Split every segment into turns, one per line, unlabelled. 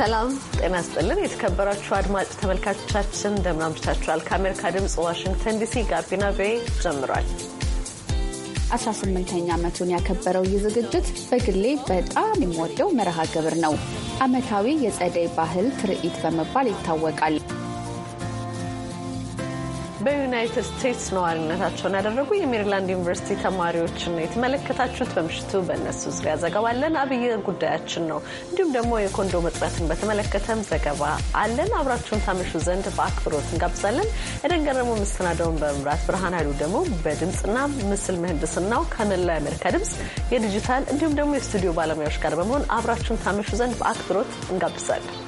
ሰላም ጤና ስጥልን። የተከበራችሁ አድማጭ ተመልካቾቻችን እንደምን አምሽታችኋል? ከአሜሪካ ድምፅ ዋሽንግተን ዲሲ ጋቢና ቤ ጀምሯል።
18ኛ ዓመቱን ያከበረው ይህ ዝግጅት በግሌ በጣም የምወደው መርሃ ግብር ነው። ዓመታዊ የጸደይ ባህል ትርኢት በመባል ይታወቃል።
በዩናይትድ ስቴትስ ነዋሪነታቸውን ያደረጉ የሜሪላንድ ዩኒቨርሲቲ ተማሪዎችን ነው የተመለከታችሁት። በምሽቱ በእነሱ ዙሪያ ዘገባ አለን፣ አብይ ጉዳያችን ነው። እንዲሁም ደግሞ የኮንዶ መጥራትን በተመለከተም ዘገባ አለን። አብራችሁን ታመሹ ዘንድ በአክብሮት እንጋብዛለን። የደንገረሙ መሰናዳውን በመምራት ብርሃን ኃይሉ ደግሞ በድምፅና ምስል ምህንድስናው ከመላው የአሜሪካ ድምፅ የዲጂታል እንዲሁም ደግሞ የስቱዲዮ ባለሙያዎች ጋር በመሆን አብራችሁን ታመሹ ዘንድ በአክብሮት እንጋብዛለን።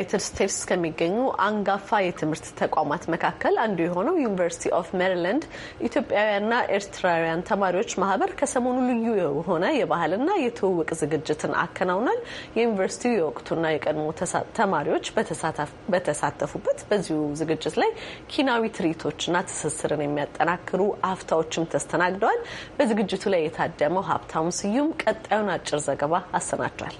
ዩናይትድ ስቴትስ ከሚገኙ አንጋፋ የትምህርት ተቋማት መካከል አንዱ የሆነው ዩኒቨርሲቲ ኦፍ ሜሪላንድ ኢትዮጵያውያንና ኤርትራውያን ተማሪዎች ማህበር ከሰሞኑ ልዩ የሆነ የባህልና የትውውቅ ዝግጅትን አከናውናል። የዩኒቨርሲቲው የወቅቱና የቀድሞ ተማሪዎች በተሳተፉበት በዚሁ ዝግጅት ላይ ኪናዊ ትርኢቶችና ትስስርን የሚያጠናክሩ አፍታዎችም ተስተናግደዋል። በዝግጅቱ ላይ የታደመው ሀብታሙ ስዩም ቀጣዩን አጭር ዘገባ አሰናድቷል።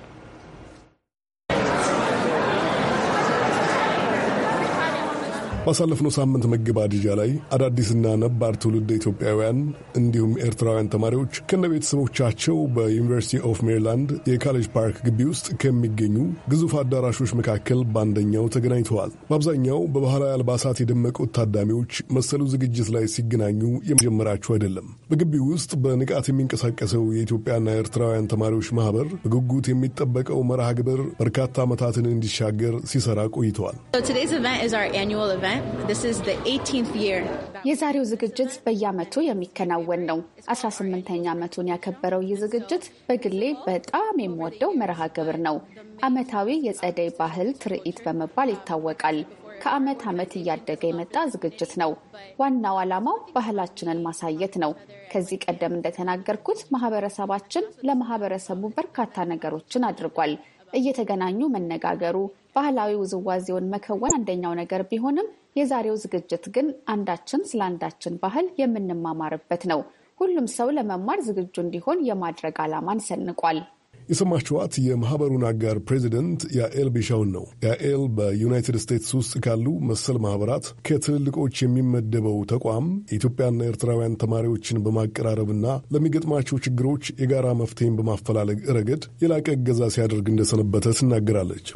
ባሳለፍነው ሳምንት መገባደጃ ላይ አዳዲስና ነባር ትውልድ ኢትዮጵያውያን እንዲሁም ኤርትራውያን ተማሪዎች ከነ ቤተሰቦቻቸው በዩኒቨርሲቲ ኦፍ ሜሪላንድ የካሌጅ ፓርክ ግቢ ውስጥ ከሚገኙ ግዙፍ አዳራሾች መካከል በአንደኛው ተገናኝተዋል። በአብዛኛው በባህላዊ አልባሳት የደመቁት ታዳሚዎች መሰሉ ዝግጅት ላይ ሲገናኙ የመጀመራቸው አይደለም። በግቢው ውስጥ በንቃት የሚንቀሳቀሰው የኢትዮጵያና ኤርትራውያን ተማሪዎች ማህበር በጉጉት የሚጠበቀው መርሃ ግብር በርካታ ዓመታትን እንዲሻገር ሲሰራ ቆይተዋል።
የዛሬው ዝግጅት በየዓመቱ የሚከናወን ነው። 18ኛ ዓመቱን ያከበረው ይህ ዝግጅት በግሌ በጣም የምወደው መርሃ ግብር ነው። ዓመታዊ የጸደይ ባህል ትርኢት በመባል ይታወቃል። ከዓመት ዓመት እያደገ የመጣ ዝግጅት ነው። ዋናው ዓላማው ባህላችንን ማሳየት ነው። ከዚህ ቀደም እንደተናገርኩት ማህበረሰባችን ለማህበረሰቡ በርካታ ነገሮችን አድርጓል። እየተገናኙ መነጋገሩ፣ ባህላዊ ውዝዋዜውን መከወን አንደኛው ነገር ቢሆንም የዛሬው ዝግጅት ግን አንዳችን ስለ አንዳችን ባህል የምንማማርበት ነው። ሁሉም ሰው ለመማር ዝግጁ እንዲሆን የማድረግ ዓላማን ሰንቋል።
የሰማችኋት የማኅበሩን አጋር ፕሬዚደንት ያኤል ቢሻውን ነው። ያኤል በዩናይትድ ስቴትስ ውስጥ ካሉ መሰል ማኅበራት ከትልልቆች የሚመደበው ተቋም የኢትዮጵያና ኤርትራውያን ተማሪዎችን በማቀራረብና ለሚገጥማቸው ችግሮች የጋራ መፍትሄን በማፈላለግ ረገድ የላቀ እገዛ ሲያደርግ እንደሰነበተ ትናገራለች።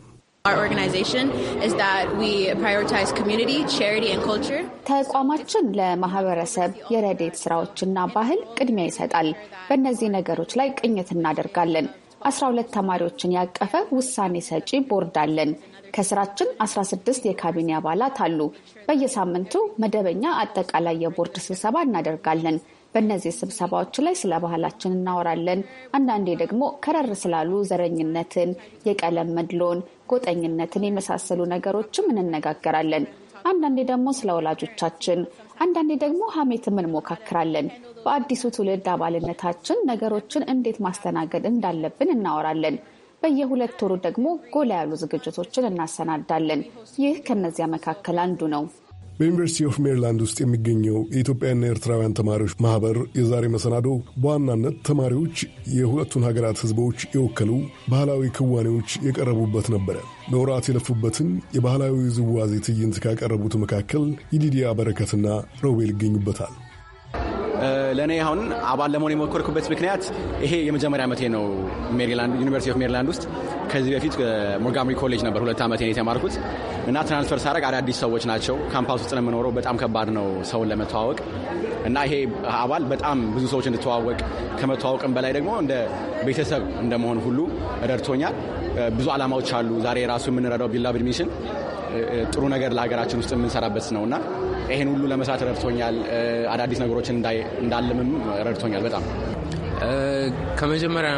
ተቋማችን ለማህበረሰብ የረዴት ስራዎችና ባህል ቅድሚያ ይሰጣል። በእነዚህ ነገሮች ላይ ቅኝት እናደርጋለን። 12 ተማሪዎችን ያቀፈ ውሳኔ ሰጪ ቦርድ አለን። ከስራችን 16 የካቢኔ አባላት አሉ። በየሳምንቱ መደበኛ አጠቃላይ የቦርድ ስብሰባ እናደርጋለን። በእነዚህ ስብሰባዎች ላይ ስለ ባህላችን እናወራለን። አንዳንዴ ደግሞ ከረር ስላሉ ዘረኝነትን፣ የቀለም መድሎን፣ ጎጠኝነትን የመሳሰሉ ነገሮችም እንነጋገራለን። አንዳንዴ ደግሞ ስለ ወላጆቻችን፣ አንዳንዴ ደግሞ ሀሜትም እንሞካክራለን። በአዲሱ ትውልድ አባልነታችን ነገሮችን እንዴት ማስተናገድ እንዳለብን እናወራለን። በየሁለት ወሩ ደግሞ ጎላ ያሉ ዝግጅቶችን እናሰናዳለን። ይህ ከነዚያ መካከል አንዱ ነው።
በዩኒቨርሲቲ ኦፍ ሜሪላንድ ውስጥ የሚገኘው የኢትዮጵያና ኤርትራውያን ተማሪዎች ማህበር የዛሬ መሰናዶ በዋናነት ተማሪዎች የሁለቱን ሀገራት ህዝቦች የወከሉ ባህላዊ ክዋኔዎች የቀረቡበት ነበረ። ለወራት የለፉበትን የባህላዊ ዝዋዜ ትዕይንት ካቀረቡት መካከል ይዲዲያ በረከትና ሮቤል ይገኙበታል።
ለእኔ አሁን አባል ለመሆን የሞከርኩበት ምክንያት ይሄ የመጀመሪያ ዓመቴ ነው ሜሪላንድ ዩኒቨርሲቲ ኦፍ ሜሪላንድ ውስጥ ከዚህ በፊት ሞርጋምሪ ኮሌጅ ነበር ሁለት ዓመት ኔ የተማርኩት እና ትራንስፈር ሳደርግ አዳዲስ ሰዎች ናቸው። ካምፓስ ውስጥ ነው የምኖረው። በጣም ከባድ ነው ሰውን ለመተዋወቅ እና ይሄ አባል በጣም ብዙ ሰዎች እንድተዋወቅ ከመተዋወቅም በላይ ደግሞ እንደ ቤተሰብ እንደመሆን ሁሉ ረድቶኛል። ብዙ ዓላማዎች አሉ። ዛሬ ራሱ የምንረዳው ቢላቭ ሚሽን ጥሩ ነገር ለሀገራችን ውስጥ የምንሰራበት ነው እና ይህን ሁሉ ለመስራት ረድቶኛል። አዳዲስ ነገሮችን እንዳለምም ረድቶኛል በጣም ከመጀመሪያ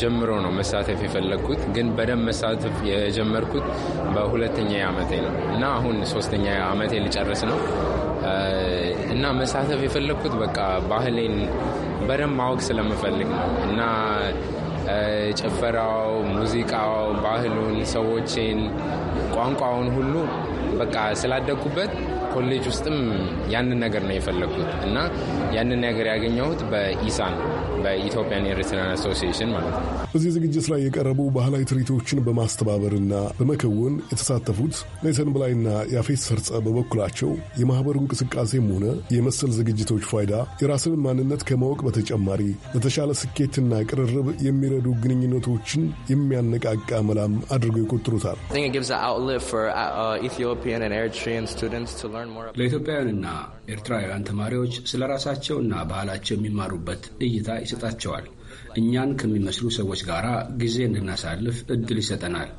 ጀምሮ ነው መሳተፍ የፈለግኩት። ግን በደንብ መሳተፍ የጀመርኩት በሁለተኛ ዓመቴ ነው እና አሁን ሶስተኛ ዓመቴ ልጨርስ ነው እና መሳተፍ የፈለግኩት በቃ ባህሌን በደንብ ማወቅ ስለምፈልግ ነው እና ጭፈራው፣ ሙዚቃው፣ ባህሉን፣ ሰዎችን፣ ቋንቋውን ሁሉ በቃ ስላደግኩበት ኮሌጅ ውስጥም ያንን ነገር ነው የፈለግኩት እና ያንን ነገር ያገኘሁት በኢሳን በኢትዮጵያን ኤርትራን አሶሲሽን ማለት ነው።
በዚህ ዝግጅት ላይ የቀረቡ ባህላዊ ትርኢቶችን በማስተባበርና በመከወን የተሳተፉት ኔተን ብላይና ያፌት ሰርጸ በበኩላቸው የማህበሩ እንቅስቃሴም ሆነ የመሰል ዝግጅቶች ፋይዳ የራስን ማንነት ከማወቅ በተጨማሪ ለተሻለ ስኬትና ቅርርብ የሚረዱ ግንኙነቶችን የሚያነቃቃ መላም አድርገው ይቆጥሩታል።
ለኢትዮጵያውያንና ኤርትራውያን ተማሪዎች ስለ ራሳቸውና ባህላቸው የሚማሩበት እይታ ይሰጣቸዋል። እኛን ከሚመስሉ ሰዎች ጋር ጊዜ እንድናሳልፍ እድል ይሰጠናል።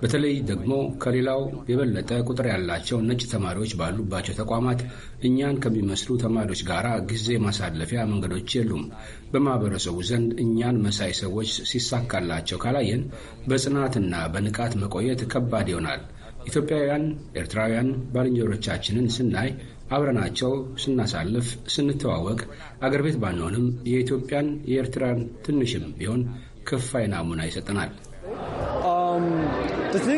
በተለይ ደግሞ ከሌላው የበለጠ ቁጥር ያላቸው ነጭ ተማሪዎች ባሉባቸው ተቋማት እኛን ከሚመስሉ ተማሪዎች ጋር ጊዜ ማሳለፊያ መንገዶች የሉም። በማህበረሰቡ ዘንድ እኛን መሳይ ሰዎች ሲሳካላቸው ካላየን በጽናትና በንቃት መቆየት ከባድ ይሆናል። ኢትዮጵያውያን፣ ኤርትራውያን ባልንጀሮቻችንን ስናይ አብረናቸው ስናሳልፍ ስንተዋወቅ አገር ቤት ባንሆንም የኢትዮጵያን የኤርትራን ትንሽም ቢሆን ክፋይ ናሙና ይሰጠናል። um, e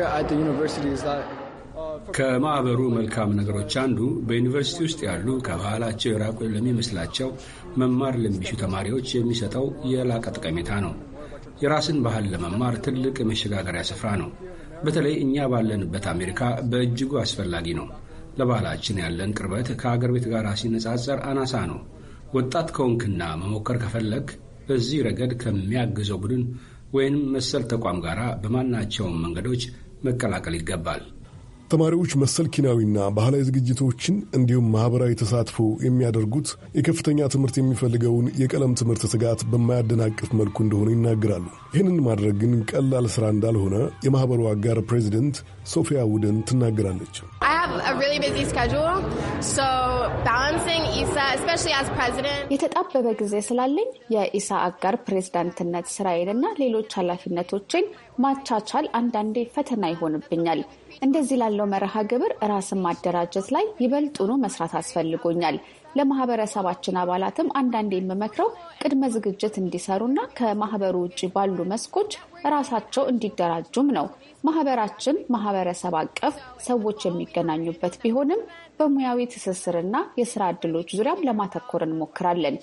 e uh, ከማኅበሩ መልካም ነገሮች አንዱ በዩኒቨርሲቲ ውስጥ ያሉ ከባህላቸው የራቁ ለሚመስላቸው መማር ለሚሹ ተማሪዎች የሚሰጠው የላቀ ጠቀሜታ ነው። የራስን ባህል ለመማር ትልቅ የመሸጋገሪያ ስፍራ ነው። በተለይ እኛ ባለንበት አሜሪካ በእጅጉ አስፈላጊ ነው። ለባህላችን ያለን ቅርበት ከአገር ቤት ጋር ሲነጻጸር አናሳ ነው። ወጣት ከሆንክና መሞከር ከፈለግ በዚህ ረገድ ከሚያግዘው ቡድን ወይንም መሰል ተቋም ጋር በማናቸውም መንገዶች መቀላቀል ይገባል።
ተማሪዎች መሰል ኪናዊና ባህላዊ ዝግጅቶችን እንዲሁም ማኅበራዊ ተሳትፎ የሚያደርጉት የከፍተኛ ትምህርት የሚፈልገውን የቀለም ትምህርት ስጋት በማያደናቅፍ መልኩ እንደሆነ ይናገራሉ። ይህንን ማድረግ ግን ቀላል ሥራ እንዳልሆነ የማኅበሩ አጋር ፕሬዚደንት ሶፊያ ውደን ትናገራለች።
የተጣበበ ጊዜ ስላለኝ የኢሳ አጋር ፕሬዝዳንትነት ስራዬንና ሌሎች ኃላፊነቶችን ማቻቻል አንዳንዴ ፈተና ይሆንብኛል። እንደዚህ ላለ ባለው መርሃ ግብር ራስን ማደራጀት ላይ ይበልጡኑ መስራት አስፈልጎኛል። ለማህበረሰባችን አባላትም አንዳንድ የምመክረው ቅድመ ዝግጅት እንዲሰሩና ከማህበሩ ውጭ ባሉ መስኮች ራሳቸው እንዲደራጁም ነው። ማህበራችን ማህበረሰብ አቀፍ ሰዎች የሚገናኙበት ቢሆንም በሙያዊ ትስስርና የስራ ዕድሎች ዙሪያም ለማተኮር እንሞክራለን።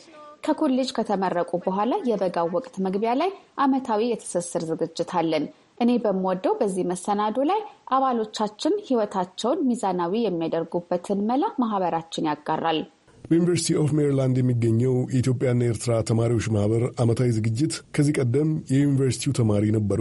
ከኮሌጅ ከተመረቁ በኋላ የበጋው ወቅት መግቢያ ላይ አመታዊ የትስስር ዝግጅት አለን። እኔ በምወደው በዚህ መሰናዶ ላይ አባሎቻችን ህይወታቸውን ሚዛናዊ የሚያደርጉበትን መላ ማህበራችን ያጋራል።
በዩኒቨርሲቲ ኦፍ ሜሪላንድ የሚገኘው የኢትዮጵያና ኤርትራ ተማሪዎች ማህበር ዓመታዊ ዝግጅት ከዚህ ቀደም የዩኒቨርሲቲው ተማሪ ነበሩ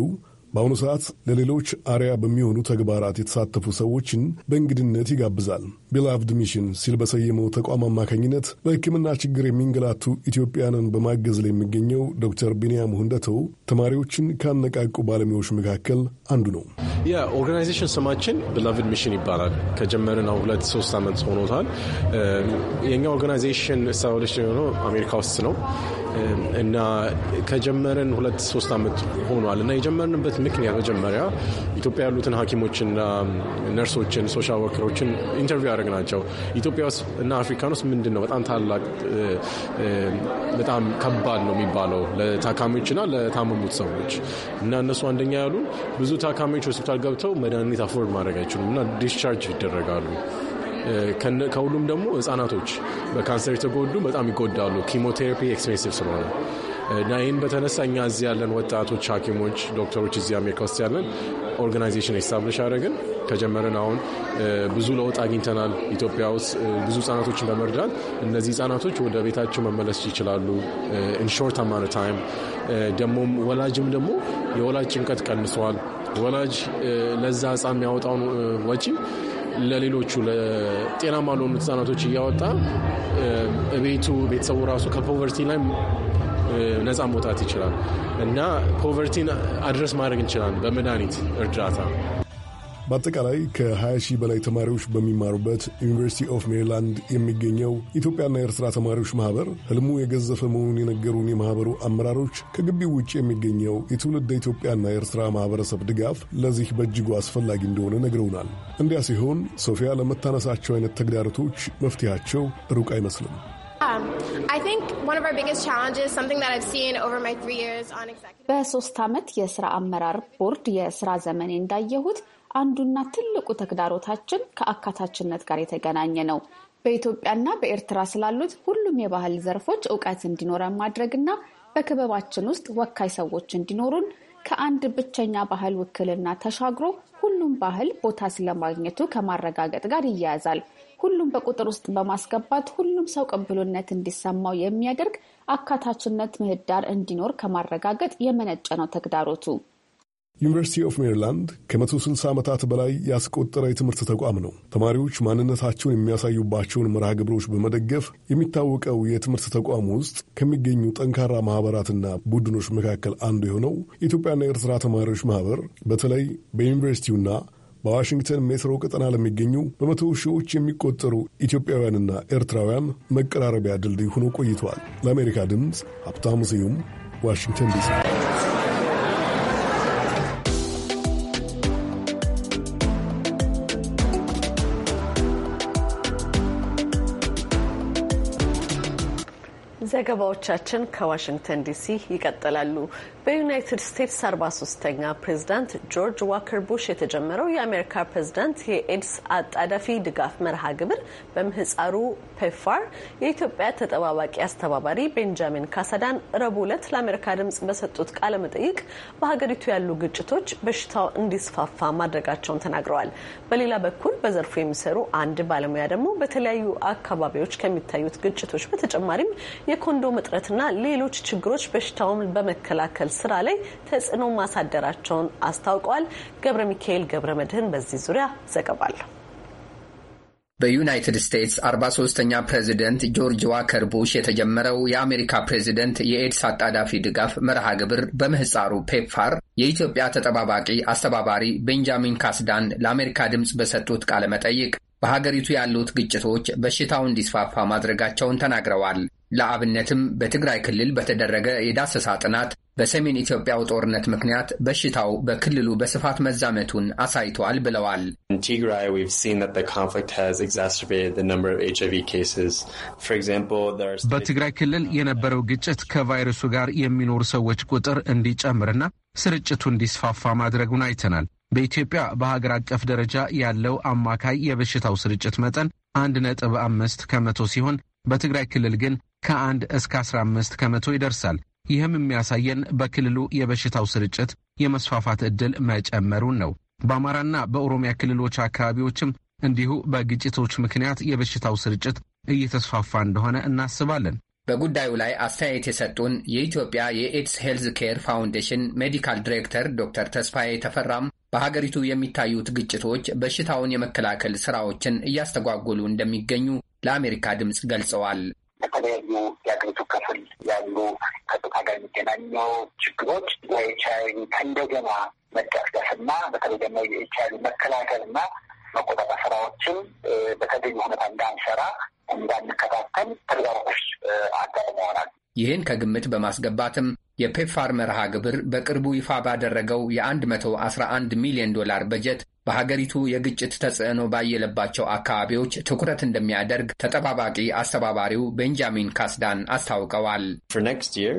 በአሁኑ ሰዓት ለሌሎች አርያ በሚሆኑ ተግባራት የተሳተፉ ሰዎችን በእንግድነት ይጋብዛል። ቢላቭድ ሚሽን ሲል በሰየመው ተቋም አማካኝነት በሕክምና ችግር የሚንገላቱ ኢትዮጵያንን በማገዝ ላይ የሚገኘው ዶክተር ቢንያም ሁንደተው ተማሪዎችን ካነቃቁ ባለሙያዎች መካከል አንዱ ነው።
የኦርጋናይዜሽን ስማችን ብላቭድ ሚሽን ይባላል። ከጀመርን አሁን ሁለት ሶስት ዓመት ሆኖታል። የኛ ኦርጋናይዜሽን ስታብሊሽ የሆነው አሜሪካ ውስጥ ነው እና ከጀመርን ሁለት ሶስት ዓመት ሆኗል እና የጀመርንበት ምክንያት መጀመሪያ ኢትዮጵያ ያሉትን ሐኪሞችና ነርሶችን ሶሻል ወርከሮችን ኢንተርቪው ያደረግ ናቸው። ኢትዮጵያ ውስጥ እና አፍሪካን ውስጥ ምንድን ነው በጣም ታላቅ በጣም ከባድ ነው የሚባለው ለታካሚዎችና ለታመሙት ሰዎች እና እነሱ አንደኛ ያሉ ብዙ ታካሚዎች ሆስፒታል ገብተው መድኃኒት አፎርድ ማድረግ አይችሉም እና ዲስቻርጅ ይደረጋሉ። ከሁሉም ደግሞ ህጻናቶች በካንሰር የተጎዱ በጣም ይጎዳሉ፣ ኪሞቴራፒ ኤክስፔንሲቭ ስለሆነ እና ይህን በተነሳ እኛ እዚህ ያለን ወጣቶች፣ ሐኪሞች፣ ዶክተሮች እዚህ አሜሪካ ውስጥ ያለን ኦርጋናይዜሽን ኤስታብሊሽ አደረግን። ከጀመረን አሁን ብዙ ለውጥ አግኝተናል። ኢትዮጵያ ውስጥ ብዙ ህጻናቶችን በመርዳት እነዚህ ህጻናቶች ወደ ቤታቸው መመለስ ይችላሉ። ኢንሾርት አማን ታይም ደግሞ ወላጅም ደግሞ የወላጅ ጭንቀት ቀንሰዋል። ወላጅ ለዛ ህፃን የሚያወጣውን ወጪ ለሌሎቹ ለጤናማ ለሆኑ ህጻናቶች እያወጣ ቤቱ ቤተሰቡ ራሱ ከፖቨርቲ ላይ ነፃ መውጣት ይችላል እና ፖቨርቲን አድረስ ማድረግ እንችላለን በመድኃኒት እርዳታ
በአጠቃላይ ከ20 ሺህ በላይ ተማሪዎች በሚማሩበት ዩኒቨርሲቲ ኦፍ ሜሪላንድ የሚገኘው ኢትዮጵያና ኤርትራ ተማሪዎች ማህበር ህልሙ የገዘፈ መሆኑን የነገሩን የማህበሩ አመራሮች ከግቢው ውጭ የሚገኘው የትውልድ ኢትዮጵያና ኤርትራ ማህበረሰብ ድጋፍ ለዚህ በእጅጉ አስፈላጊ እንደሆነ ነግረውናል። እንዲያ ሲሆን ሶፊያ ለመታነሳቸው አይነት ተግዳሮቶች መፍትሄያቸው ሩቅ አይመስልም።
um, በሶስት ዓመት የስራ አመራር ቦርድ የስራ ዘመኔ እንዳየሁት አንዱና ትልቁ ተግዳሮታችን ከአካታችነት ጋር የተገናኘ ነው። በኢትዮጵያና በኤርትራ ስላሉት ሁሉም የባህል ዘርፎች እውቀት እንዲኖረን ማድረግና በክበባችን ውስጥ ወካይ ሰዎች እንዲኖሩን ከአንድ ብቸኛ ባህል ውክልና ተሻግሮ ሁሉም ባህል ቦታ ስለማግኘቱ ከማረጋገጥ ጋር ይያያዛል። ሁሉም በቁጥር ውስጥ በማስገባት ሁሉም ሰው ቅብሎነት እንዲሰማው የሚያደርግ አካታችነት ምህዳር እንዲኖር ከማረጋገጥ የመነጨ ነው ተግዳሮቱ።
ዩኒቨርሲቲ ኦፍ ሜሪላንድ ከ160 ዓመታት በላይ ያስቆጠረ የትምህርት ተቋም ነው። ተማሪዎች ማንነታቸውን የሚያሳዩባቸውን መርሃ ግብሮች በመደገፍ የሚታወቀው የትምህርት ተቋም ውስጥ ከሚገኙ ጠንካራ ማህበራትና ቡድኖች መካከል አንዱ የሆነው የኢትዮጵያና የኤርትራ ተማሪዎች ማህበር በተለይ በዩኒቨርሲቲውና በዋሽንግተን ሜትሮ ቀጠና ለሚገኙ በመቶ ሺዎች የሚቆጠሩ ኢትዮጵያውያንና ኤርትራውያን መቀራረቢያ ድልድይ ሆኖ ቆይተዋል። ለአሜሪካ ድምፅ ሀብታሙ ስዩም ዋሽንግተን ዲሲ
ዘገባዎቻችን ከዋሽንግተን ዲሲ ይቀጥላሉ። በዩናይትድ ስቴትስ 43 ሶስተኛ ፕሬዝዳንት ጆርጅ ዋከር ቡሽ የተጀመረው የአሜሪካ ፕሬዝዳንት የኤድስ አጣዳፊ ድጋፍ መርሃ ግብር በምህፃሩ ፔፋር የኢትዮጵያ ተጠባባቂ አስተባባሪ ቤንጃሚን ካሳዳን ረቡዕ ዕለት ለአሜሪካ ድምጽ በሰጡት ቃለ መጠይቅ በሀገሪቱ ያሉ ግጭቶች በሽታው እንዲስፋፋ ማድረጋቸውን ተናግረዋል። በሌላ በኩል በዘርፉ የሚሰሩ አንድ ባለሙያ ደግሞ በተለያዩ አካባቢዎች ከሚታዩት ግጭቶች በተጨማሪም የኮንዶም እጥረትና ሌሎች ችግሮች በሽታውን በመከላከል ስራ ላይ ተጽዕኖ ማሳደራቸውን አስታውቀዋል። ገብረ ሚካኤል ገብረ መድህን በዚህ ዙሪያ ዘገባለሁ።
በዩናይትድ ስቴትስ 43ኛ ፕሬዚደንት ጆርጅ ዋከር ቡሽ የተጀመረው የአሜሪካ ፕሬዚደንት የኤድስ አጣዳፊ ድጋፍ መርሃ ግብር በምህፃሩ ፔፕፋር የኢትዮጵያ ተጠባባቂ አስተባባሪ ቤንጃሚን ካስዳን ለአሜሪካ ድምፅ በሰጡት ቃለ መጠይቅ በሀገሪቱ ያሉት ግጭቶች በሽታው እንዲስፋፋ ማድረጋቸውን ተናግረዋል። ለአብነትም በትግራይ ክልል በተደረገ የዳሰሳ ጥናት በሰሜን ኢትዮጵያው ጦርነት ምክንያት በሽታው በክልሉ በስፋት መዛመቱን አሳይቷል ብለዋል።
በትግራይ
ክልል የነበረው ግጭት ከቫይረሱ ጋር የሚኖሩ ሰዎች ቁጥር እንዲጨምርና ስርጭቱ እንዲስፋፋ ማድረጉን አይተናል። በኢትዮጵያ በሀገር አቀፍ ደረጃ ያለው አማካይ የበሽታው ስርጭት መጠን አንድ ነጥብ አምስት ከመቶ ሲሆን በትግራይ ክልል ግን ከአንድ እስከ 15 ከመቶ ይደርሳል። ይህም የሚያሳየን በክልሉ የበሽታው ስርጭት የመስፋፋት ዕድል መጨመሩን ነው። በአማራና በኦሮሚያ ክልሎች አካባቢዎችም እንዲሁ በግጭቶች ምክንያት የበሽታው ስርጭት እየተስፋፋ እንደሆነ እናስባለን።
በጉዳዩ ላይ አስተያየት የሰጡን የኢትዮጵያ የኤድስ ሄልዝ ኬር ፋውንዴሽን ሜዲካል ዲሬክተር ዶክተር ተስፋዬ ተፈራም በሀገሪቱ የሚታዩት ግጭቶች በሽታውን የመከላከል ስራዎችን እያስተጓጎሉ እንደሚገኙ ለአሜሪካ ድምፅ ገልጸዋል። በተለያዩ
የአገሪቱ ክፍል ያሉ ከጾታ ጋር የሚገናኙ ችግሮች የኤች አይ ቪ ከእንደገና በተለይ ደግሞ የኤች አይ ቪ መከላከልና መቆጣጠር ስራዎችን በተገኙ ሁኔታ እንዳንሰራ እንዳንከታተል ተግዳሮቶች አጋጥመዋል።
ይህን ከግምት በማስገባትም የፔፕፋር መርሃ ግብር በቅርቡ ይፋ ባደረገው የ111 ሚሊዮን ዶላር በጀት በሀገሪቱ የግጭት ተጽዕኖ ባየለባቸው አካባቢዎች ትኩረት እንደሚያደርግ ተጠባባቂ አስተባባሪው ቤንጃሚን ካስዳን አስታውቀዋል። e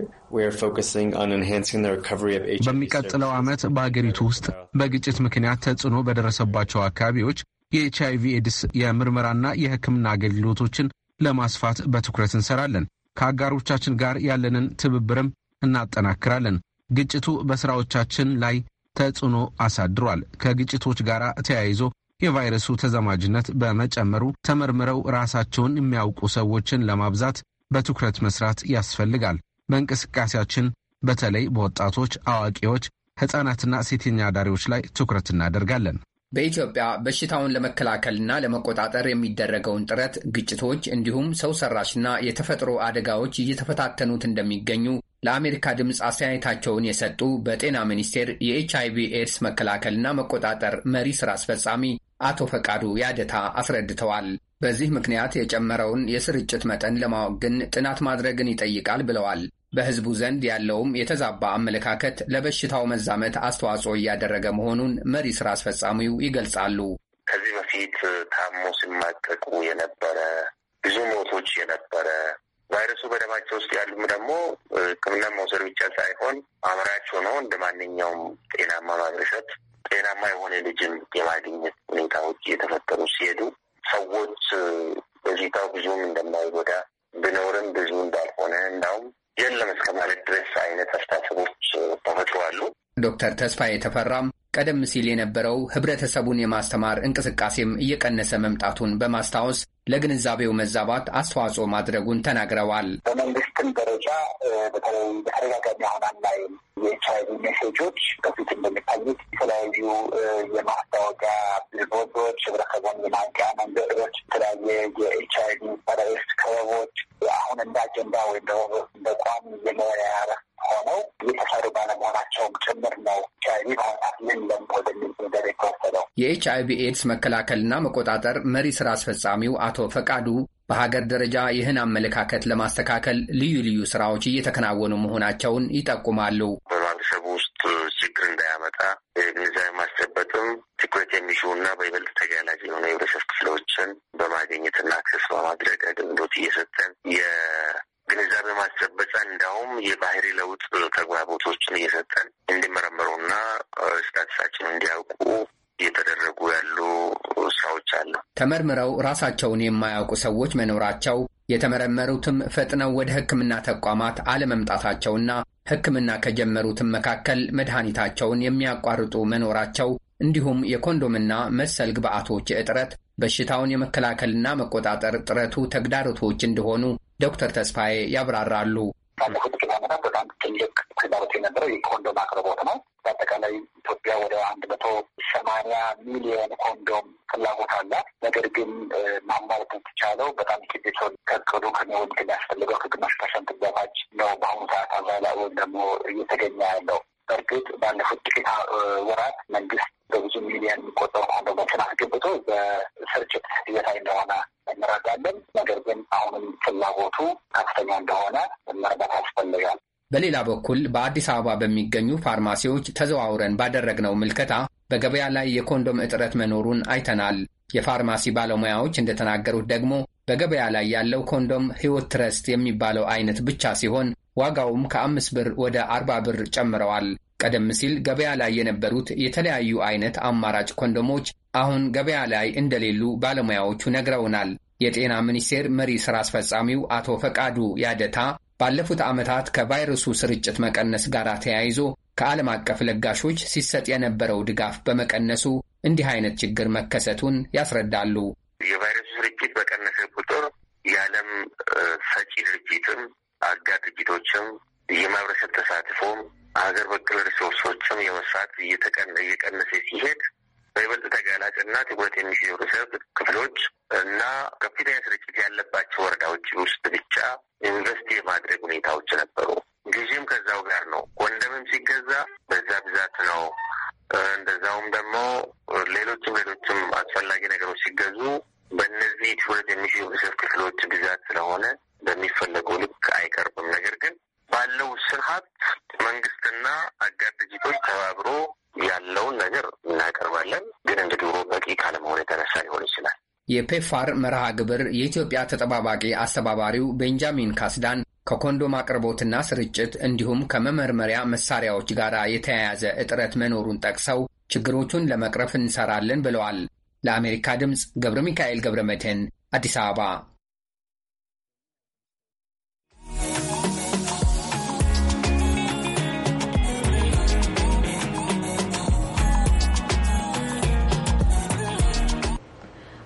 በሚቀጥለው ዓመት በሀገሪቱ ውስጥ በግጭት ምክንያት ተጽዕኖ በደረሰባቸው አካባቢዎች የኤች ቪ ኤድስ የምርመራና የሕክምና አገልግሎቶችን ለማስፋት በትኩረት እንሰራለን። ከአጋሮቻችን ጋር ያለንን ትብብርም እናጠናክራለን። ግጭቱ በሥራዎቻችን ላይ ተጽዕኖ አሳድሯል። ከግጭቶች ጋር ተያይዞ የቫይረሱ ተዘማጅነት በመጨመሩ ተመርምረው ራሳቸውን የሚያውቁ ሰዎችን ለማብዛት በትኩረት መስራት ያስፈልጋል። በእንቅስቃሴያችን በተለይ በወጣቶች፣ አዋቂዎች፣ ሕፃናትና ሴተኛ አዳሪዎች ላይ ትኩረት እናደርጋለን።
በኢትዮጵያ በሽታውን ለመከላከልና ለመቆጣጠር የሚደረገውን ጥረት ግጭቶች፣ እንዲሁም ሰው ሰራሽና የተፈጥሮ አደጋዎች እየተፈታተኑት እንደሚገኙ ለአሜሪካ ድምፅ አስተያየታቸውን የሰጡ በጤና ሚኒስቴር የኤች አይቪ ኤድስ መከላከልና መቆጣጠር መሪ ስራ አስፈጻሚ አቶ ፈቃዱ ያደታ አስረድተዋል። በዚህ ምክንያት የጨመረውን የስርጭት መጠን ለማወቅ ግን ጥናት ማድረግን ይጠይቃል ብለዋል። በህዝቡ ዘንድ ያለውም የተዛባ አመለካከት ለበሽታው መዛመት አስተዋጽኦ እያደረገ መሆኑን መሪ ስራ አስፈጻሚው ይገልጻሉ። ከዚህ በፊት ታሞ
ሲማቀቁ የነበረ ብዙ ሞቶች የነበረ ቫይረሱ በደማቸው ውስጥ ያሉም ደግሞ ሕክምና መውሰድ ብቻ ሳይሆን አምራች ሆኖ እንደ ማንኛውም ጤናማ ማህበረሰብ ጤናማ የሆነ ልጅም የማግኘት ሁኔታዎች እየተፈጠሩ ሲሄዱ ሰዎች በሽታው ብዙም እንደማይጎዳ ቢኖርም ብዙ እንዳልሆነ እንዳውም የለም እስከ ማለት ድረስ አይነት አስተሳሰቦች ተፈጥሮ አሉ።
ዶክተር ተስፋዬ ተፈራም ቀደም ሲል የነበረው ህብረተሰቡን የማስተማር እንቅስቃሴም እየቀነሰ መምጣቱን በማስታወስ ለግንዛቤው መዛባት አስተዋጽኦ ማድረጉን ተናግረዋል። በመንግስትም ደረጃ በተለይ
በተደጋጋሚ አሁን ላይ የኤች አይቪ ሜሴጆች በፊት እንደሚታዩት የተለያዩ የማስታወቂያ ቢልቦርዶች፣ ህብረተሰቡን የማንቂያ መንገዶች፣ የተለያየ የኤች አይቪ ባለስ ክበቦች አሁን እንደ አጀንዳ ወይም ደግሞ እንደ ቋሚ የመወያያ
የኤች አይቪ ኤድስ መከላከልና መቆጣጠር መሪ ስራ አስፈጻሚው አቶ ፈቃዱ በሀገር ደረጃ ይህን አመለካከት ለማስተካከል ልዩ ልዩ ስራዎች እየተከናወኑ መሆናቸውን ይጠቁማሉ። ተመርምረው ራሳቸውን የማያውቁ ሰዎች መኖራቸው፣ የተመረመሩትም ፈጥነው ወደ ሕክምና ተቋማት አለመምጣታቸውና ሕክምና ከጀመሩትም መካከል መድኃኒታቸውን የሚያቋርጡ መኖራቸው እንዲሁም የኮንዶምና መሰል ግብዓቶች እጥረት በሽታውን የመከላከልና መቆጣጠር ጥረቱ ተግዳሮቶች እንደሆኑ ዶክተር ተስፋዬ ያብራራሉ። ባለፉት በጣም በጣም ትልቅ ፍላጎት የነበረው
የኮንዶም አቅርቦት ነው። በአጠቃላይ ኢትዮጵያ ወደ አንድ መቶ ሰማንያ ሚሊዮን ኮንዶም ፍላጎት አላት። ነገር ግን ማሟላት የተቻለው በጣም ጥቂቱን ከቅዱ ከሚሆን የሚያስፈልገው ከግማሽ ፐርሰንት በታች ነው። በአሁኑ ሰዓት አዛላ ወይም ደግሞ እየተገኘ ያለው በእርግጥ ባለፉት ጥቂት ወራት መንግስት በብዙ ሚሊዮን የሚቆጠሩ ኮንዶሞችን አስገብቶ በስርጭት እየታይ እንደሆነ እንረዳለን። ነገር ግን አሁንም ፍላጎቱ ከፍተኛ እንደሆነ መረዳት
ያስፈልጋል። በሌላ በኩል በአዲስ አበባ በሚገኙ ፋርማሲዎች ተዘዋውረን ባደረግነው ምልከታ በገበያ ላይ የኮንዶም እጥረት መኖሩን አይተናል። የፋርማሲ ባለሙያዎች እንደተናገሩት ደግሞ በገበያ ላይ ያለው ኮንዶም ሕይወት ትረስት የሚባለው አይነት ብቻ ሲሆን ዋጋውም ከአምስት ብር ወደ አርባ ብር ጨምረዋል። ቀደም ሲል ገበያ ላይ የነበሩት የተለያዩ አይነት አማራጭ ኮንዶሞች አሁን ገበያ ላይ እንደሌሉ ባለሙያዎቹ ነግረውናል። የጤና ሚኒስቴር መሪ ሥራ አስፈጻሚው አቶ ፈቃዱ ያደታ ባለፉት ዓመታት ከቫይረሱ ስርጭት መቀነስ ጋር ተያይዞ ከዓለም አቀፍ ለጋሾች ሲሰጥ የነበረው ድጋፍ በመቀነሱ እንዲህ አይነት ችግር መከሰቱን ያስረዳሉ። የቫይረሱ
ስርጭት በቀነሰ ቁጥር የዓለም ሰጪ ድርጅትም አጋር ድርጅቶችም የማህበረሰብ ተሳትፎም ሀገር በቀል ሪሶርሶችን የመስራት እየቀነሰ ሲሄድ በይበልጥ ተጋላጭና ትኩረት የሚሽ የህብረተሰብ ክፍሎች እና ከፍተኛ ስርጭት ያለባቸው ወረዳዎች ውስጥ ብቻ ኢንቨስት የማድረግ ሁኔታዎች ነበሩ። ጊዜም ከዛው ጋር ነው። ወንደምም ሲገዛ በዛ ብዛት ነው። እንደዛውም ደግሞ ሌሎችም ሌሎችም አስፈላጊ ነገሮች ሲገዙ በእነዚህ ትኩረት የሚሽ የህብረተሰብ ክፍሎች ብዛት ስለሆነ በሚፈለገው ልክ አይቀርብም። ነገር ግን ባለው ውስን ሀብት መንግስትና አጋር ድርጅቶች ተባብሮ ያለውን ነገር እናቀርባለን። ግን እንግዲህ ሮ በቂ ካለመሆን የተነሳ ሊሆን ይችላል።
የፔፋር መርሃ ግብር የኢትዮጵያ ተጠባባቂ አስተባባሪው ቤንጃሚን ካስዳን ከኮንዶም አቅርቦትና ስርጭት እንዲሁም ከመመርመሪያ መሳሪያዎች ጋር የተያያዘ እጥረት መኖሩን ጠቅሰው ችግሮቹን ለመቅረፍ እንሰራለን ብለዋል። ለአሜሪካ ድምፅ ገብረ ሚካኤል ገብረ መድህን አዲስ አበባ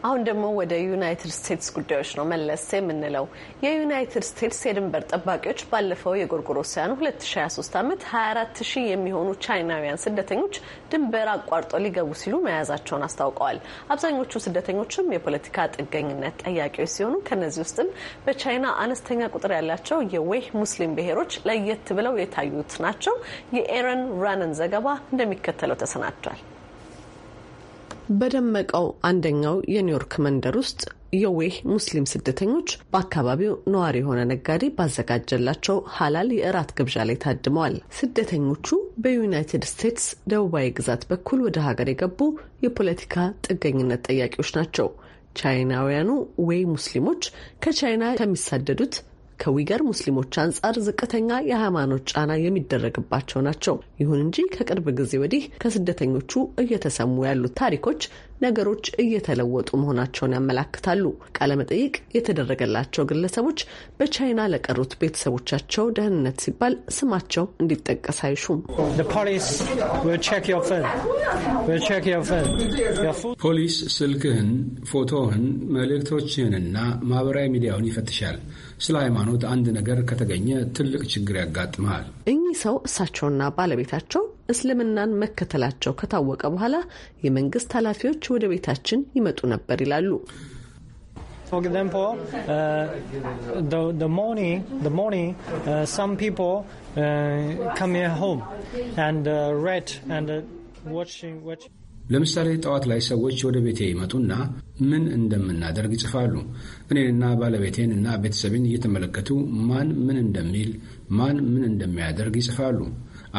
አሁን ደግሞ ወደ ዩናይትድ ስቴትስ ጉዳዮች ነው መለስ የምንለው። የዩናይትድ ስቴትስ የድንበር ጠባቂዎች ባለፈው የጎርጎሮሳውያኑ 2023 ዓመት 24 ሺህ የሚሆኑ ቻይናውያን ስደተኞች ድንበር አቋርጠው ሊገቡ ሲሉ መያዛቸውን አስታውቀዋል። አብዛኞቹ ስደተኞችም የፖለቲካ ጥገኝነት ጠያቂዎች ሲሆኑ ከነዚህ ውስጥም በቻይና አነስተኛ ቁጥር ያላቸው የዌህ ሙስሊም ብሔሮች ለየት ብለው የታዩት ናቸው። የኤረን ራነን ዘገባ እንደሚከተለው ተሰናድቷል። በደመቀው አንደኛው የኒውዮርክ መንደር ውስጥ የዌህ ሙስሊም ስደተኞች በአካባቢው ነዋሪ የሆነ ነጋዴ ባዘጋጀላቸው ሀላል የእራት ግብዣ ላይ ታድመዋል። ስደተኞቹ በዩናይትድ ስቴትስ ደቡባዊ ግዛት በኩል ወደ ሀገር የገቡ የፖለቲካ ጥገኝነት ጠያቂዎች ናቸው። ቻይናውያኑ ዌይ ሙስሊሞች ከቻይና ከሚሳደዱት ከዊገር ሙስሊሞች አንጻር ዝቅተኛ የሃይማኖት ጫና የሚደረግባቸው ናቸው። ይሁን እንጂ ከቅርብ ጊዜ ወዲህ ከስደተኞቹ እየተሰሙ ያሉት ታሪኮች ነገሮች እየተለወጡ መሆናቸውን ያመላክታሉ። ቃለመጠይቅ የተደረገላቸው ግለሰቦች በቻይና ለቀሩት ቤተሰቦቻቸው ደህንነት ሲባል ስማቸው እንዲጠቀስ አይሹም።
ፖሊስ ስልክህን፣ ፎቶህን፣ መልእክቶችህንና ማህበራዊ ሚዲያውን ይፈትሻል። ስለ ሃይማኖት አንድ ነገር ከተገኘ ትልቅ ችግር ያጋጥመሃል።
እኚህ ሰው እሳቸውና ባለቤታቸው እስልምናን መከተላቸው ከታወቀ በኋላ የመንግስት ኃላፊዎች ወደ ቤታችን ይመጡ ነበር ይላሉ።
uh, uh, ለምሳሌ ጠዋት ላይ ሰዎች ወደ ቤቴ ይመጡና ምን እንደምናደርግ ይጽፋሉ። እኔንና ባለቤቴን እና ቤተሰብን እየተመለከቱ ማን ምን እንደሚል፣ ማን ምን እንደሚያደርግ ይጽፋሉ።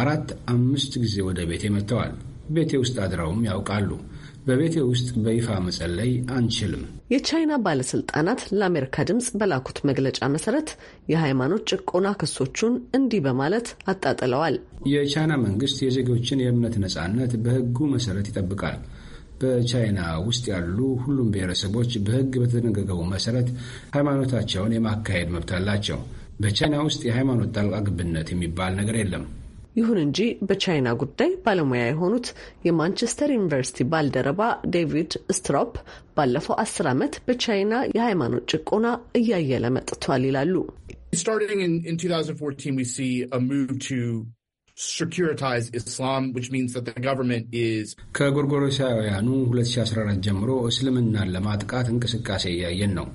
አራት አምስት ጊዜ ወደ ቤቴ መጥተዋል። ቤቴ ውስጥ አድረውም ያውቃሉ። በቤቴ ውስጥ በይፋ መጸለይ አንችልም።
የቻይና ባለስልጣናት ለአሜሪካ ድምፅ በላኩት መግለጫ መሰረት የሃይማኖት ጭቆና ክሶቹን እንዲህ በማለት አጣጥለዋል።
የቻይና መንግስት የዜጎችን የእምነት ነጻነት በህጉ መሰረት ይጠብቃል። በቻይና ውስጥ ያሉ ሁሉም ብሔረሰቦች በህግ በተደነገገው መሰረት ሃይማኖታቸውን የማካሄድ መብት አላቸው። በቻይና ውስጥ የሃይማኖት ጣልቃ ግብነት የሚባል ነገር የለም።
ይሁን እንጂ በቻይና ጉዳይ ባለሙያ የሆኑት የማንቸስተር ዩኒቨርሲቲ ባልደረባ ዴቪድ ስትሮፕ ባለፈው አስር ዓመት በቻይና የሃይማኖት ጭቆና እያየለ መጥቷል ይላሉ።
ከጎርጎሮሳውያኑ 2014 ጀምሮ እስልምናን ለማጥቃት እንቅስቃሴ እያየን ነው።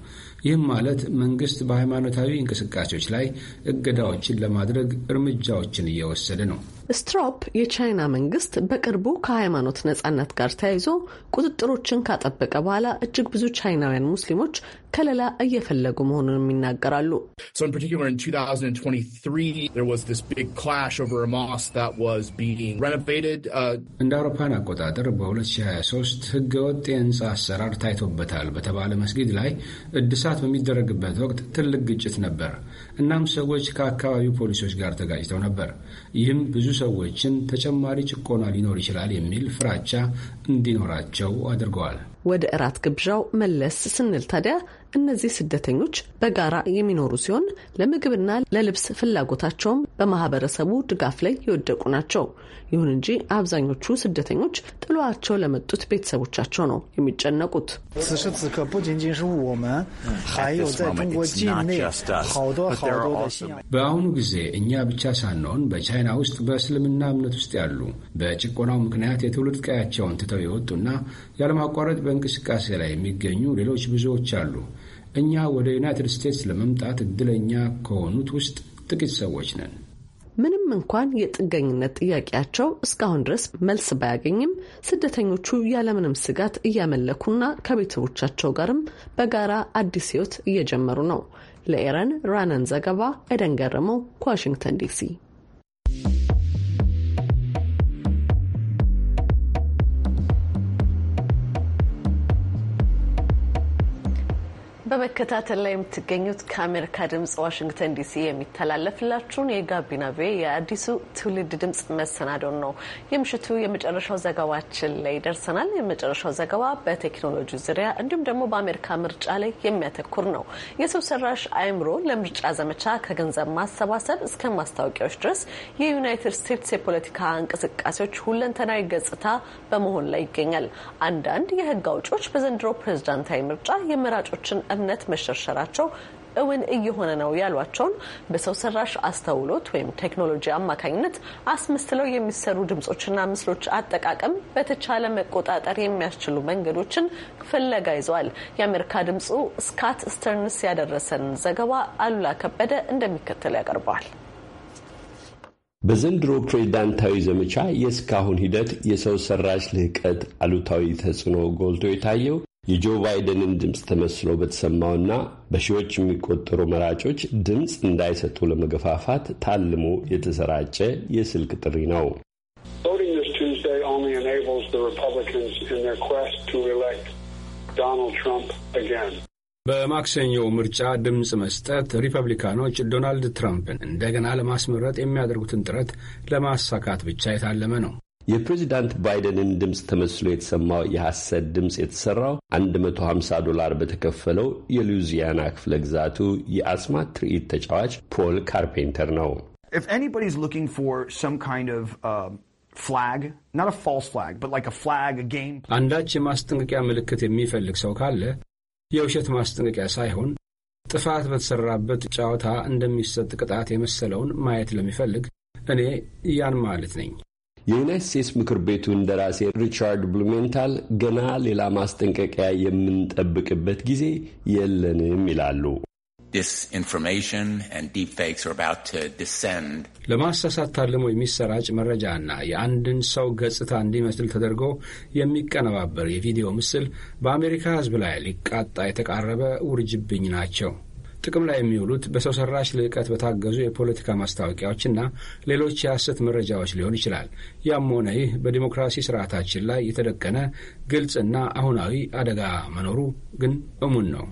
ይህም ማለት መንግስት በሃይማኖታዊ እንቅስቃሴዎች ላይ እገዳዎችን ለማድረግ እርምጃዎችን እየወሰደ ነው።
ስትሮፕ የቻይና መንግስት በቅርቡ ከሃይማኖት ነጻነት ጋር ተያይዞ ቁጥጥሮችን ካጠበቀ በኋላ እጅግ ብዙ ቻይናውያን ሙስሊሞች ከለላ እየፈለጉ መሆኑንም ይናገራሉ።
uh, እንደ አውሮፓን
አቆጣጠር በ2023 ህገወጥ የህንፃ አሰራር ታይቶበታል በተባለ መስጊድ ላይ እድሳት በሚደረግበት ወቅት ትልቅ ግጭት ነበር። እናም ሰዎች ከአካባቢው ፖሊሶች ጋር ተጋጭተው ነበር። ይህም ብዙ ሰዎችን ተጨማሪ ጭቆና ሊኖር ይችላል የሚል ፍራቻ እንዲኖራቸው አድርገዋል።
ወደ እራት ግብዣው መለስ ስንል ታዲያ እነዚህ ስደተኞች በጋራ የሚኖሩ ሲሆን ለምግብና ለልብስ ፍላጎታቸውም በማህበረሰቡ ድጋፍ ላይ የወደቁ ናቸው። ይሁን እንጂ አብዛኞቹ ስደተኞች ጥሏቸው ለመጡት ቤተሰቦቻቸው ነው የሚጨነቁት።
በአሁኑ ጊዜ እኛ ብቻ ሳንሆን በቻይና ውስጥ በእስልምና እምነት ውስጥ ያሉ በጭቆናው ምክንያት የትውልድ ቀያቸውን ትተው የወጡና ያለማቋረጥ በእንቅስቃሴ ላይ የሚገኙ ሌሎች ብዙዎች አሉ። እኛ ወደ ዩናይትድ ስቴትስ ለመምጣት እድለኛ ከሆኑት ውስጥ ጥቂት ሰዎች ነን።
ምንም እንኳን የጥገኝነት ጥያቄያቸው እስካሁን ድረስ መልስ ባያገኝም ስደተኞቹ ያለምንም ስጋት እያመለኩና ከቤተሰቦቻቸው ጋርም በጋራ አዲስ ሕይወት እየጀመሩ ነው። ለኤረን ራነን ዘገባ ኤደን ገረመው ከዋሽንግተን ዲሲ በመከታተል ላይ የምትገኙት ከአሜሪካ ድምጽ ዋሽንግተን ዲሲ የሚተላለፍላችሁን የጋቢና ቪ የአዲሱ ትውልድ ድምጽ መሰናዶን ነው። የምሽቱ የመጨረሻው ዘገባችን ላይ ደርሰናል። የመጨረሻው ዘገባ በቴክኖሎጂ ዙሪያ እንዲሁም ደግሞ በአሜሪካ ምርጫ ላይ የሚያተኩር ነው። የሰው ሰራሽ አእምሮ ለምርጫ ዘመቻ ከገንዘብ ማሰባሰብ እስከ ማስታወቂያዎች ድረስ የዩናይትድ ስቴትስ የፖለቲካ እንቅስቃሴዎች ሁለንተናዊ ገጽታ በመሆን ላይ ይገኛል። አንዳንድ የህግ አውጪዎች በዘንድሮ ፕሬዝዳንታዊ ምርጫ የመራጮችን እምነት ነት መሸርሸራቸው እውን እየሆነ ነው ያሏቸውን በሰው ሰራሽ አስተውሎት ወይም ቴክኖሎጂ አማካኝነት አስመስለው የሚሰሩ ድምጾችና ምስሎች አጠቃቀም በተቻለ መቆጣጠር የሚያስችሉ መንገዶችን ፍለጋ ይዘዋል። የአሜሪካ ድምጹ ስካት ስተርንስ ያደረሰን ዘገባ አሉላ ከበደ እንደሚከተል ያቀርበዋል።
በዘንድሮ ፕሬዝዳንታዊ ዘመቻ የእስካሁን ሂደት የሰው ሰራሽ ልህቀት አሉታዊ ተጽዕኖ ጎልቶ የታየው የጆ ባይደንን ድምፅ ተመስሎ በተሰማውና በሺዎች የሚቆጠሩ መራጮች ድምፅ እንዳይሰጡ ለመገፋፋት ታልሞ የተሰራጨ የስልክ ጥሪ ነው።
በማክሰኞው ምርጫ ድምፅ መስጠት ሪፐብሊካኖች ዶናልድ ትራምፕን እንደገና ለማስመረጥ የሚያደርጉትን ጥረት ለማሳካት ብቻ የታለመ ነው። የፕሬዚዳንት ባይደንን
ድምፅ ተመስሎ የተሰማው የሐሰት ድምፅ የተሰራው 150 ዶላር በተከፈለው የሉዚያና ክፍለ ግዛቱ የአስማት ትርኢት ተጫዋች ፖል ካርፔንተር ነው።
አንዳች የማስጠንቀቂያ ምልክት የሚፈልግ ሰው ካለ የውሸት ማስጠንቀቂያ ሳይሆን ጥፋት በተሰራበት ጨዋታ እንደሚሰጥ ቅጣት የመሰለውን ማየት ለሚፈልግ እኔ ያን ማለት ነኝ።
የዩናይት ስቴትስ ምክር ቤቱ እንደራሴ ሪቻርድ ብሉሜንታል ገና ሌላ ማስጠንቀቂያ የምንጠብቅበት ጊዜ የለንም ይላሉ።
ለማሳሳት ታልሞ የሚሰራጭ መረጃና የአንድን ሰው ገጽታ እንዲመስል ተደርጎ የሚቀነባበር የቪዲዮ ምስል በአሜሪካ ሕዝብ ላይ ሊቃጣ የተቃረበ ውርጅብኝ ናቸው። ጥቅም ላይ የሚውሉት በሰው ሰራሽ ልዕቀት በታገዙ የፖለቲካ ማስታወቂያዎችና ሌሎች የሐሰት መረጃዎች ሊሆን ይችላል። ያም ሆነ ይህ በዲሞክራሲ ስርዓታችን ላይ የተደቀነ ግልጽና አሁናዊ አደጋ መኖሩ ግን እሙን ነው።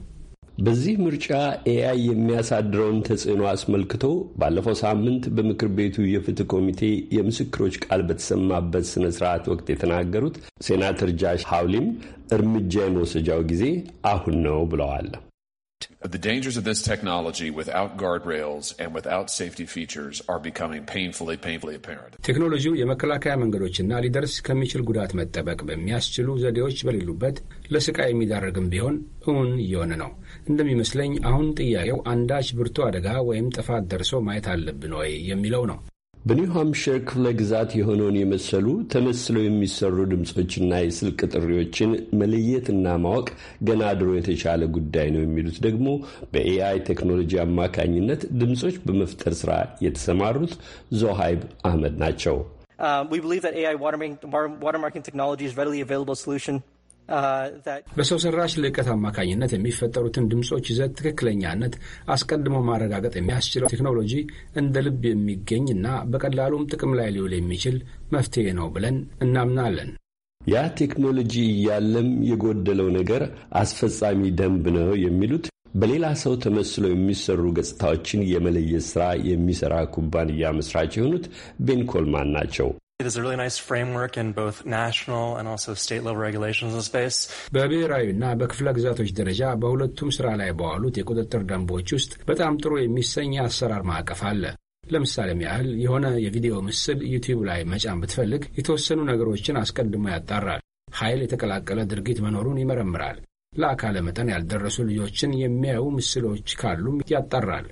በዚህ ምርጫ ኤአይ የሚያሳድረውን ተጽዕኖ አስመልክቶ ባለፈው ሳምንት በምክር ቤቱ የፍትህ ኮሚቴ የምስክሮች ቃል በተሰማበት ስነ ስርዓት ወቅት የተናገሩት ሴናተር ጃሽ ሀውሊም እርምጃ የመውሰጃው ጊዜ አሁን ነው ብለዋል።
The dangers of this technology without guardrails and without safety features are becoming painfully, painfully apparent.
ቴክኖሎጂው የመከላከያ መንገዶችና ሊደርስ ከሚችል ጉዳት መጠበቅ በሚያስችሉ ዘዴዎች በሌሉበት ለስቃይ የሚዳረግም ቢሆን እውን እየሆነ ነው። እንደሚመስለኝ አሁን ጥያቄው አንዳች ብርቱ አደጋ ወይም ጥፋት ደርሶ ማየት አለብን ወይ የሚለው ነው።
በኒው ሃምፕሽር ክፍለ ግዛት የሆነውን የመሰሉ ተመስለው የሚሰሩ ድምፆችና የስልክ ጥሪዎችን መለየትና ማወቅ ገና ድሮ የተቻለ ጉዳይ ነው የሚሉት ደግሞ በኤአይ ቴክኖሎጂ አማካኝነት ድምፆች በመፍጠር ስራ የተሰማሩት ዞሃይብ አህመድ ናቸው።
uh, Uh,
በሰው ሰራሽ ልቀት አማካኝነት የሚፈጠሩትን ድምፆች ይዘት ትክክለኛነት አስቀድሞ ማረጋገጥ የሚያስችለው ቴክኖሎጂ እንደ ልብ የሚገኝ እና በቀላሉም ጥቅም ላይ ሊውል የሚችል መፍትሄ ነው ብለን እናምናለን።
ያ ቴክኖሎጂ እያለም የጎደለው ነገር አስፈጻሚ ደንብ ነው የሚሉት በሌላ ሰው ተመስሎ የሚሰሩ ገጽታዎችን የመለየት ስራ የሚሰራ ኩባንያ መስራች የሆኑት ቤን ኮልማን ናቸው።
በብሔራዊና በክፍለ ግዛቶች ደረጃ በሁለቱም
ስራ ላይ በዋሉት የቁጥጥር ደንቦች ውስጥ በጣም ጥሩ የሚሰኝ አሰራር ማዕቀፍ አለ። ለምሳሌም ያህል የሆነ የቪዲዮ ምስል ዩቲዩብ ላይ መጫን ብትፈልግ የተወሰኑ ነገሮችን አስቀድሞ ያጣራል። ኃይል የተቀላቀለ ድርጊት መኖሩን ይመረምራል። ለአካለ መጠን ያልደረሱ ልጆችን የሚያዩ ምስሎች ካሉም ያጣራል።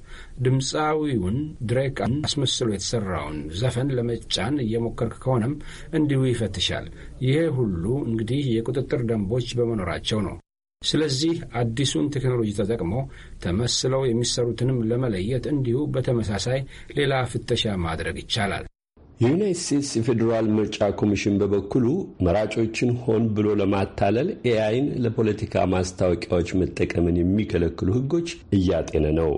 ድምፃዊውን ድሬክን አስመስሎ የተሰራውን ዘፈን ለመጫን እየሞከርክ ከሆነም እንዲሁ ይፈትሻል። ይሄ ሁሉ እንግዲህ የቁጥጥር ደንቦች በመኖራቸው ነው። ስለዚህ አዲሱን ቴክኖሎጂ ተጠቅሞ ተመስለው የሚሰሩትንም ለመለየት እንዲሁ በተመሳሳይ ሌላ ፍተሻ ማድረግ ይቻላል።
የዩናይት ስቴትስ የፌዴራል ምርጫ ኮሚሽን በበኩሉ መራጮችን ሆን ብሎ ለማታለል ኤአይን ለፖለቲካ ማስታወቂያዎች መጠቀምን የሚከለክሉ ሕጎች እያጤነ ነው።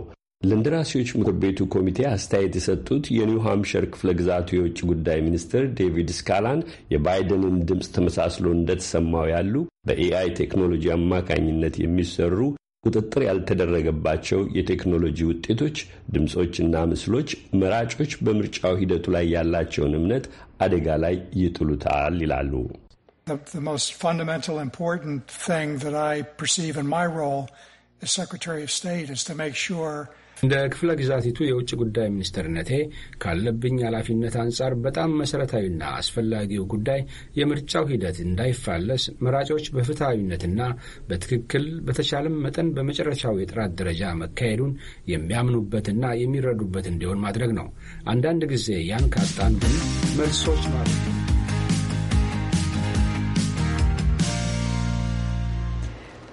ለእንደራሴዎች ምክር ቤቱ ኮሚቴ አስተያየት የሰጡት የኒው ሃምፕሸር ክፍለ ግዛቱ የውጭ ጉዳይ ሚኒስትር ዴቪድ ስካላን የባይደንን ድምፅ ተመሳስሎ እንደተሰማው ያሉ በኤአይ ቴክኖሎጂ አማካኝነት የሚሰሩ ቁጥጥር ያልተደረገባቸው የቴክኖሎጂ ውጤቶች፣ ድምፆችና ምስሎች መራጮች በምርጫው ሂደቱ ላይ ያላቸውን እምነት አደጋ ላይ ይጥሉታል ይላሉ።
The most fundamental important thing that I perceive in my role
እንደ ክፍለ ግዛቲቱ የውጭ ጉዳይ ሚኒስትርነቴ ካለብኝ ኃላፊነት አንጻር በጣም መሠረታዊና አስፈላጊው ጉዳይ የምርጫው ሂደት እንዳይፋለስ መራጮች በፍትሐዊነትና በትክክል በተቻለም መጠን በመጨረሻው የጥራት ደረጃ መካሄዱን የሚያምኑበትና የሚረዱበት እንዲሆን ማድረግ ነው። አንዳንድ ጊዜ ያን ካጣን ግን መልሶች ማለት ነው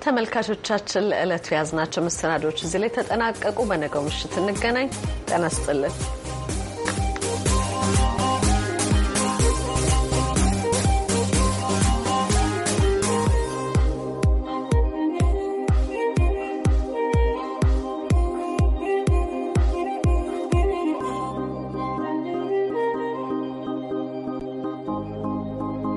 ተመልካቾቻችን ለዕለቱ የያዝናቸው መሰናዶዎች እዚህ ላይ ተጠናቀቁ። በነገው ምሽት እንገናኝ። ጤና ይስጥልን።